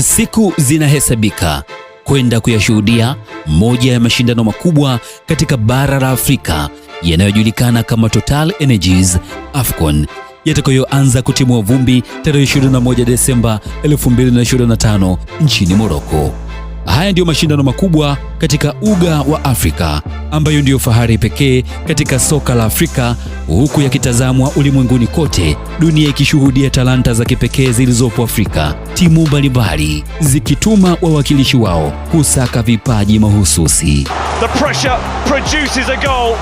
Siku zinahesabika kwenda kuyashuhudia moja ya mashindano makubwa katika bara la Afrika yanayojulikana kama Total Energies AFCON yatakayoanza kutimua vumbi tarehe 21 Desemba 2025 nchini Morocco. Haya ndiyo mashindano makubwa katika uga wa Afrika ambayo ndiyo fahari pekee katika soka la Afrika, huku yakitazamwa ulimwenguni kote, dunia ikishuhudia talanta za kipekee zilizopo Afrika, timu mbalimbali zikituma wawakilishi wao kusaka vipaji mahususi. The pressure produces a goal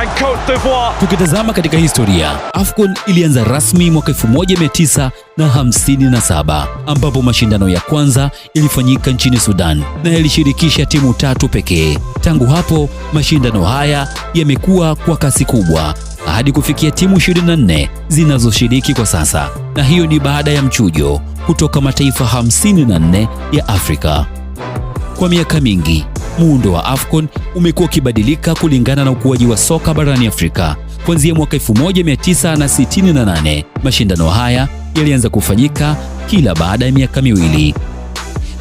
and Cote d'Ivoire. Tukitazama katika historia, AFCON ilianza rasmi mwaka 1957 ambapo mashindano ya kwanza ilifanyika nchini Sudan na yalishirikisha timu tatu pekee. Tangu hapo, mashindano haya yamekuwa kwa kasi kubwa hadi kufikia timu 24 zinazoshiriki kwa sasa, na hiyo ni baada ya mchujo kutoka mataifa 54 ya Afrika. Kwa miaka mingi Muundo wa AFCON umekuwa ukibadilika kulingana na ukuaji wa soka barani Afrika. Kuanzia mwaka 1968 mashindano haya yalianza kufanyika kila baada ya miaka miwili.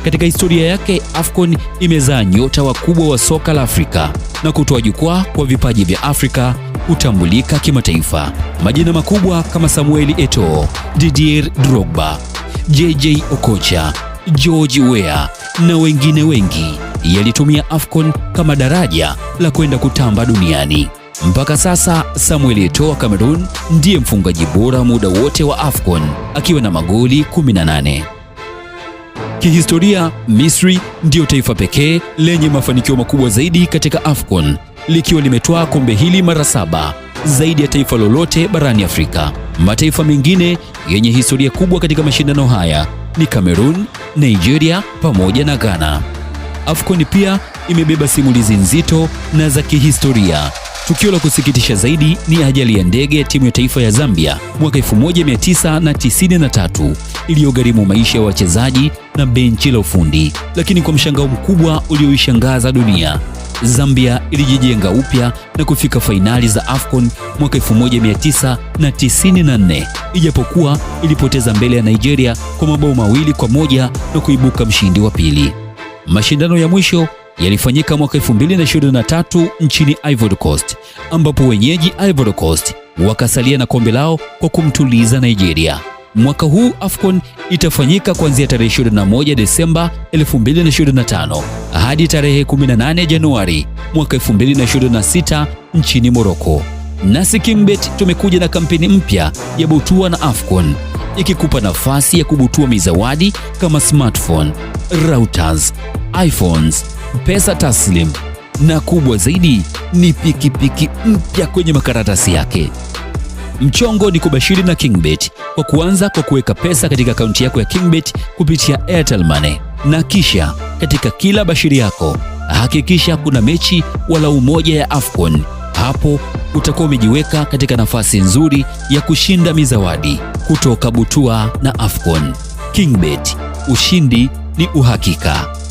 Katika historia yake, AFCON imezaa nyota wakubwa wa soka la Afrika na kutoa jukwaa kwa vipaji vya Afrika kutambulika kimataifa. Majina makubwa kama Samuel Eto'o, Didier Drogba, JJ Okocha George Weah na wengine wengi yalitumia AFCON kama daraja la kwenda kutamba duniani. Mpaka sasa Samuel Eto'o wa Cameroon ndiye mfungaji bora muda wote wa AFCON akiwa na magoli 18. Kihistoria, Misri ndiyo taifa pekee lenye mafanikio makubwa zaidi katika AFCON likiwa limetwaa kombe hili mara saba zaidi ya taifa lolote barani Afrika. Mataifa mengine yenye historia kubwa katika mashindano haya ni Cameroon, Nigeria pamoja na Ghana. AFCON pia imebeba simulizi nzito na za kihistoria. Tukio la kusikitisha zaidi ni ajali ya ndege ya timu ya taifa ya Zambia mwaka 1993 iliyogharimu maisha ya wachezaji na benchi la ufundi, lakini kwa mshangao mkubwa ulioishangaza dunia, Zambia ilijijenga upya na kufika fainali za AFCON mwaka 1994 ijapokuwa ilipoteza mbele ya Nigeria kwa mabao mawili kwa moja na kuibuka mshindi wa pili. Mashindano ya mwisho yalifanyika mwaka 2023 nchini Ivory Coast ambapo wenyeji Ivory Coast wakasalia na kombe lao kwa kumtuliza Nigeria. Mwaka huu AFCON itafanyika kuanzia tarehe 21 Desemba 2025 hadi tarehe 18 Januari mwaka 2026 nchini Morocco. Nasi Kingbet tumekuja na kampeni mpya ya Butua na AFCON ikikupa nafasi ya kubutua mizawadi kama smartphone, routers, iPhones, pesa taslim na kubwa zaidi ni pikipiki mpya kwenye makaratasi yake. Mchongo ni kubashiri na KingBet kwa kuanza kwa kuweka pesa katika akaunti yako ya KingBet kupitia Airtel Money, na kisha katika kila bashiri yako hakikisha kuna mechi wala umoja ya AFCON. Hapo utakuwa umejiweka katika nafasi nzuri ya kushinda mizawadi kutoka Butua na AFCON. KingBet, ushindi ni uhakika.